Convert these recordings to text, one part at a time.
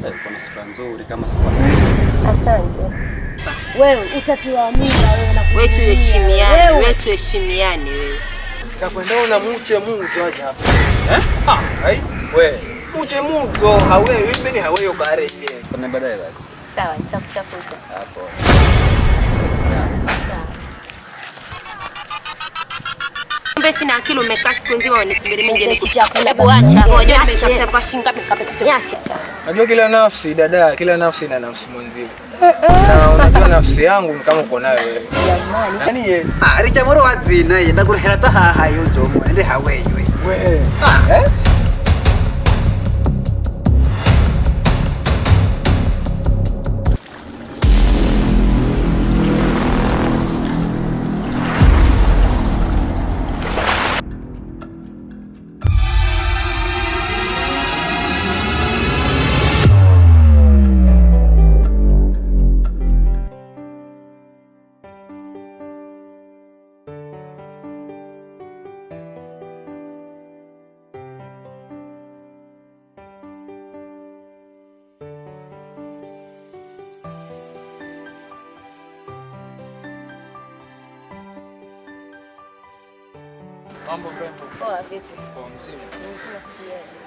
kwa na sura nzuri kama siku. Asante. Wewe utatuamia wewe na wewe tuheshimiane. Wewe tuheshimiane wewe. Takwenda una muche mtu aje hapa. Eh? Ah, hai. Wewe. Muche mtu hawewe, mimi haweyo kare. Kuna baadaye basi. Sawa, nitakutafuta. Hapo. Kumbe sina akili, umekaa siku nzima unisubiri mimi nje. Hebu acha. Ngoja nimetafuta kwa shilingi ngapi kapeti chochote. Unajua kila nafsi dada, kila nafsi ina nafsi mwenzie. Eh, eh. Na unajua nafsi yangu ni kama uko nayo wewe. Jamani, yani ah, richa moro wazina, ndakurehera taha hayo jomo, ende hawe wewe. Wewe. eh? Mambo mrembo. Poa oh, vipi? Poa mzima. Mzima.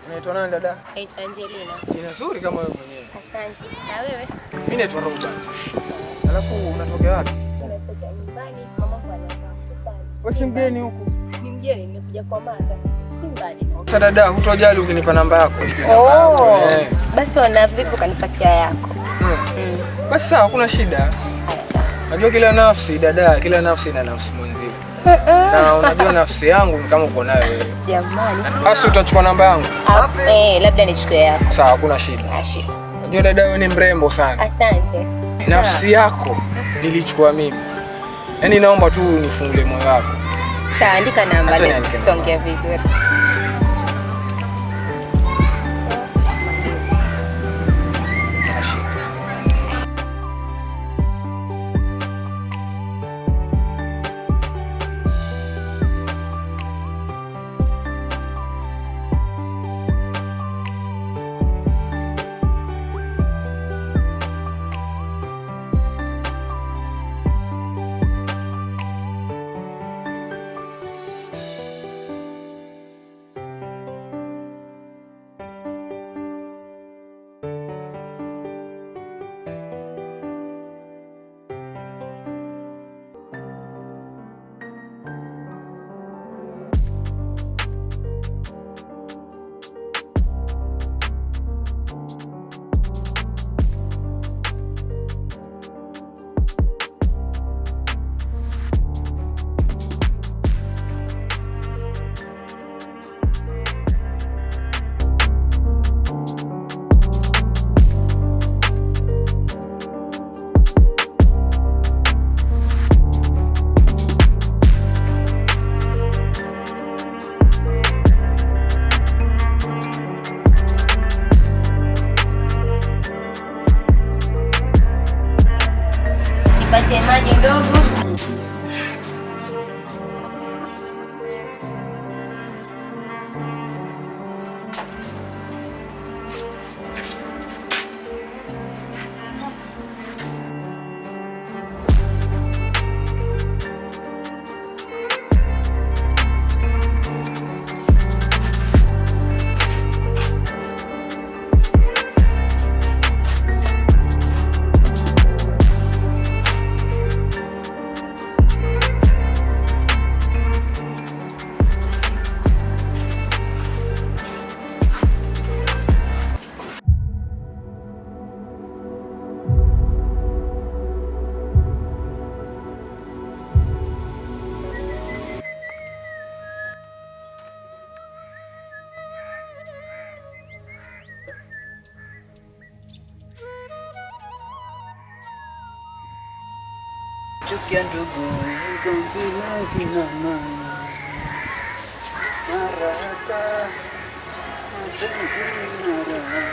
Unaitwa nani dada? Naitwa Angelina. Ni nzuri kama wewe mwenyewe. Asante. Na wewe? Mimi naitwa Robert. Alafu unatoka wapi? Natoka nyumbani, mama kwa anatoka. Wewe si mgeni huku? Ni mgeni, nimekuja kwa mada. Si mbali. Sasa dada, hutojali ukinipa namba yako. Oh. Eh. Basi wana vipi ukanipatia yako? Hmm. hmm. Basi sawa, hakuna shida. Najua kila nafsi dada, kila nafsi ina nafsi mwenzi na unajua nafsi yangu kama uko nayo wewe. Jamani. Basi utachukua namba yangu? Ah, eh, labda nichukue yako. Sawa, hakuna shida. Ah, unajua dada wewe ni mrembo sana. Asante. Nafsi yako nilichukua mimi. Yaani naomba tu nifungulie moyo wako. Sawa, andika namba tuongee vizuri. bagian dugu ganti lagi nama Marata Ganti Marata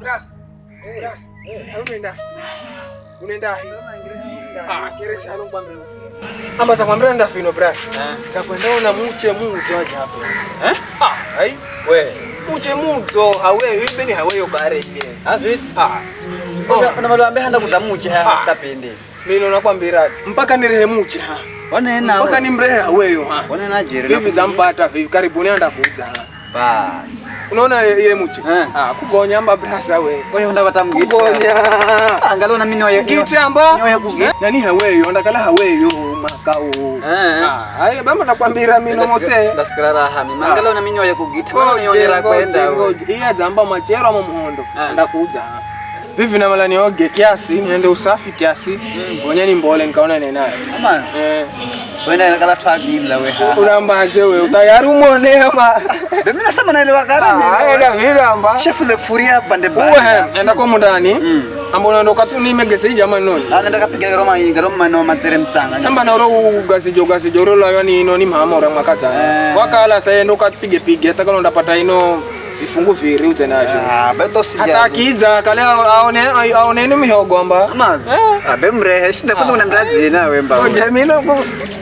Beras, beras, aku minta, minta, akhirnya saya lupa beras. Ama za kwambia nda fino brush. Eh. Takwenda na muche muto aje hapo. Eh? Ah, hai. We. Muche muto oh, hawe ibeni hawe yo kareke. Avit. Ah. Oh. Ona malo ambe handa kutamuche ha ah. sitapendi. Mimi naona kwambia mpaka nirehe muche ha. Wanaena. Mpaka nimrehe hawe yo ha. Wanaena jeri. Vivi zampata vivi karibuni anda kuuza. Bas. Unaona yeye mchi. Eh. Ah, kugonya mba brasa we. Kwa hiyo ndapata mgiti. Kugonya. Ah, angalau na mimi ni wayeku. Gitu amba. Ni kugi. Eh? Nani hawe haweyo ndakala yo makao. Eh. eh. Ah, aye bamba nakwambira mimi no mose. Ndasikira raha mimi. Ah. Angalau na mimi ni wayeku kugi. Mimi nione kwenda. Iya jamba machero mu muhondo. Ndakuja. Vivi na mala nioge kiasi, niende usafi kiasi. Onyeni mbole nikaona nenaye. Ama. Eh. Wewe na kala fagi la wewe. Unaamba je wewe utayari umeone ama? Mimi nasema naelewa karani. Ah, enda vile amba. Chef le furia pande baya. Wewe enda kwa mundani. Mm. Ambo unaondoka tu nime gesi jamani noni. Ah, nenda kapiga garoma hii garoma no matere mtanga. Samba na ro ugasi jo gasi jo ro la yani ino ni mama orang makata. Eh. Wakala saya ndo kapige pige hata kama ndapata ino vifungu viri utenavyo. Ah, bado sija. Atakiza kale aoneni mihogo mba Ama. Eh, abe mrehe shida kuna ah. mradi nawe mba. Ojamilo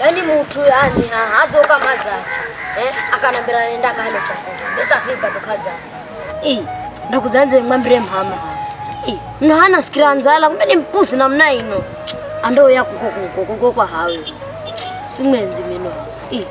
yani mtu yani hazoka mazacha eh, akanambira nenda kale chakula betafika tukaza eh ndakuzanze ngwambire mhama eh mno hana sikiranzala kumbe ni mpusi namna ino andoo yako koko kwa hawe simwenzi mino eh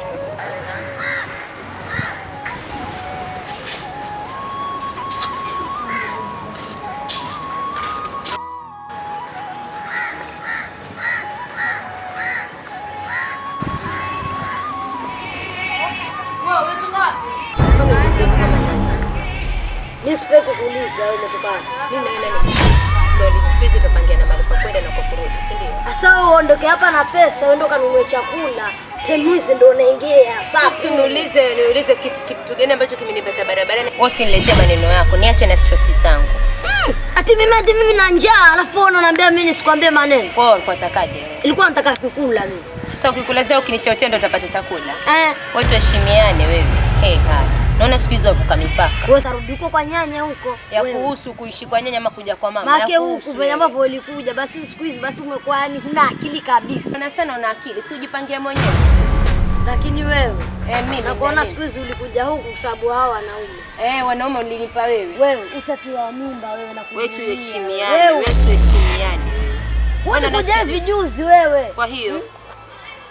Mimi kukuuliza wewe umetoka. Mimi na nani? Ndio siku hizi tupangia na mali kwa kwenda na kwa kurudi, si ndio? Sasa uondoke hapa na pesa uende kanunue chakula. Temizi ndio unaingia. Sasa niulize, niulize kitu kitu gani ambacho kimenipata barabarani? Usiniletee maneno yako, niache na stress zangu. Mm, ati mimi ati mimi na njaa, alafu wewe unaniambia mimi nisikwambie maneno. Kwa hiyo unatakaje? Ilikuwa nataka kukula mimi. Sasa ukikula zao ukinishotea ndio utapata chakula. Eh. Watu heshimiane wewe. Hey, hai. Naona siku hizo wavuka mipaka. Wewe sarudi huko kwa nyanya huko. Ya kuhusu kuishi kwa nyanya ama kuja kwa mama. Make huku vile ambavyo ulikuja basi siku hizi basi umekuwa yani huna akili kabisa. Sana sana una akili, si ujipangie mwenyewe. Lakini wewe eh, mimi nakuona siku hizi ulikuja huku kwa sababu hao wanaume. Eh, wanaume ulinipa wewe. Wewe utatoa mimba wewe na kuja. Wewe heshimiani, wewe heshimiani. Wewe unakuja vijuzi wewe. Kwa hiyo hmm?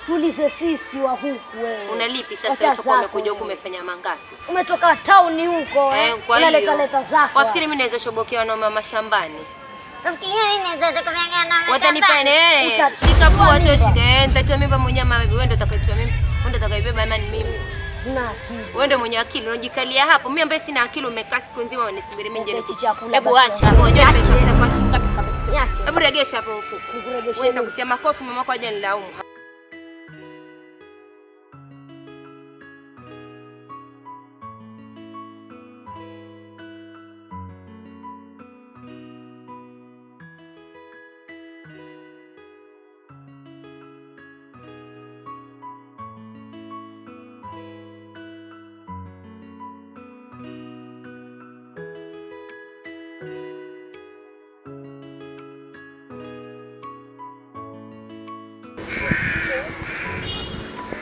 tulize sisi wa huku wewe. Unalipi sasa umekuja huku umefanya mangapi? Umetoka town huko. Eh, eh unaleta leta zako. Wafikiri mimi naweza shobokewa na mama shambani? Shika eh, Nitatoa mama, wewe ndio utakayetoa Wewe ndio utakayebeba mimi? Una akili. Wewe ndio mwenye akili. Unajikalia hapo. Mimi ambaye sina akili umekaa siku nzima unisubiri mimi nje. Hebu acha. Unajua kwa shika. Hebu regesha hapo huko. Wewe nitakutia makofi mama kwa ajili ya laumu.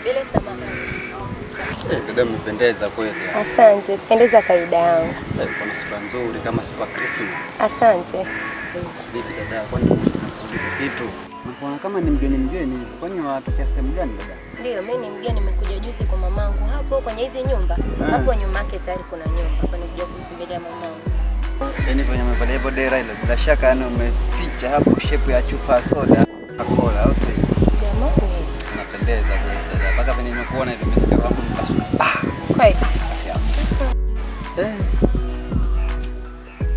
bila sababu. Dada umependeza kweli. Asante, pendeza kaida yangu. Kuna sura nzuri kama siku ya Christmas. Asante. Vipi dada, kwani unakuuliza kitu? Unaona kama ni mgeni mgeni, kwani watokea sehemu gani dada? Ndio, mimi ni mgeni nimekuja juzi kwa mamangu hapo kwenye hizi nyumba. Eh. Hapo nyuma yake tayari kuna nyumba. Kwa nikuja kumtembelea mamangu. Yaani kwenye umevalia bodera ile bila shaka yani umeficha hapo shepu ya chupa soda. Cola au si? Jamani. Unapendeza mpaka venye nimekuona hivi nimesikia wangu kweli.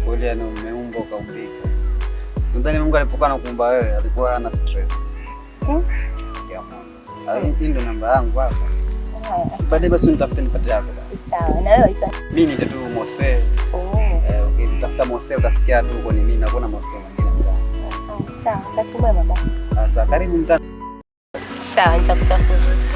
Kweli eh. ana umeumbwa kaumbika. Nadhani Mungu alipokuwa anakuumba wewe alikuwa ana stress. Hmm? Ya Mungu. Ah, hii ndio namba yangu hapa. Baadaye basi nitafute nipate yako. Sawa. Na wewe waitwa? Mimi ni tu Mose. Oh. Eh, ukitafuta Mose utasikia tu uko ni mimi na kuna Mose mwingine mtaani. Oh, sawa, karibu mtaani. Sawa, nitakuta futi.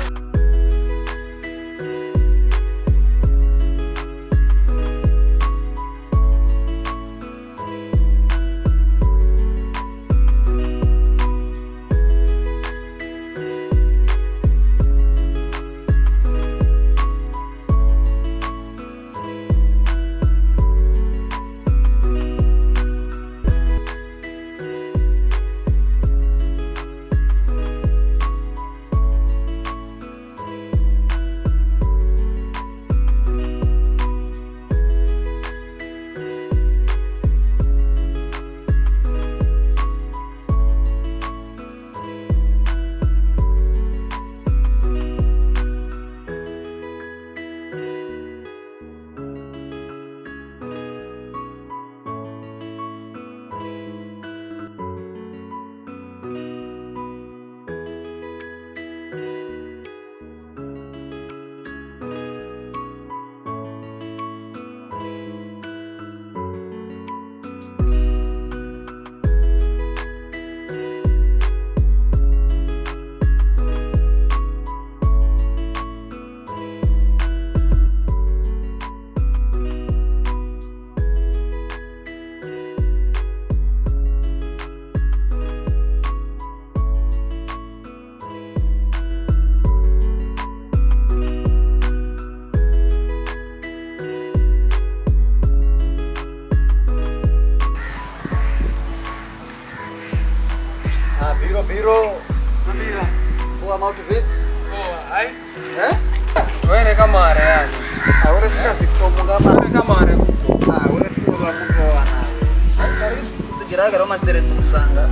ndakagara matsere ntunzanga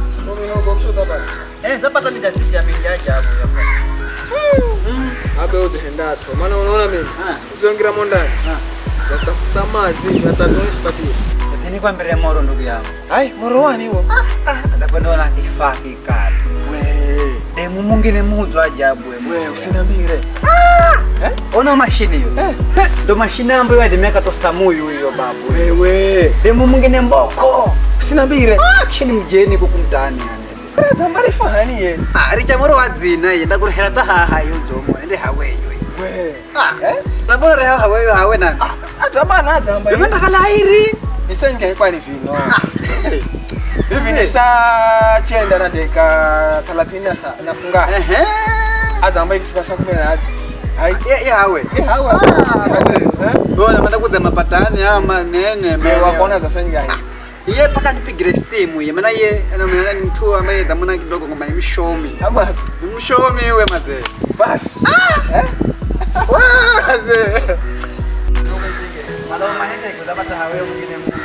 eh, zapata midasija mingi abe udhe maana unaona mimi uziongeramo ndani atafuta mazi atatoesipatio tinikwambire moro ndugu yangu ai moro wani huo ah, ah. kifaa kikali demu eh, mungine mutu ajabu eh, usinambire ah! ona mashini hiyo ndo mashini ambayo ademi akatosa muyu hiyo babu demu mungine mboko sina mbire akini ah, mgeni kukumtani mbari fahani ye aricha ah, moro wazina ye ndakurehera ndahaha yo jomo hawe ende haweyo we nabona ah, eh? reha hawe yu hawe na azamba na azamba Nisa nge nisenge ni vino hivi ni eh. saa chenda na deka dakika 30 nafunga ehe azamba ikifika saa hati. 10 yawe yawe bora matakuza mapatani ama nene mewakona zasengaiyo Ye paka nipigire simu ye, maana ye anamuona ni mtu ambaye dhamana kidogo ngoma ni mshomi. Ama ni mshomi wewe mzee. Bas. Ah! Eh? Mzee. Ndio mahende kwa sababu hawe mwingine mtu.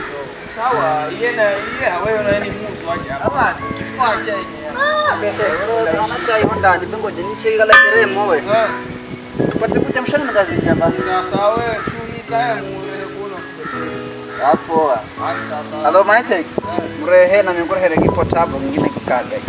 Sawa, ye na ye hawe na ni mtu wake hapa. Ama kifaa cha yeye. Ah, bete. Anataka yonda ndipengo jeni chega la keremo eh. wewe. Kwa sababu tamshana mtazi jamba. Sawa sawa wewe, shuni kae mu Apoa. Hello, Mike. Mrehe na mingurhere kipo tabo ngine kikaga.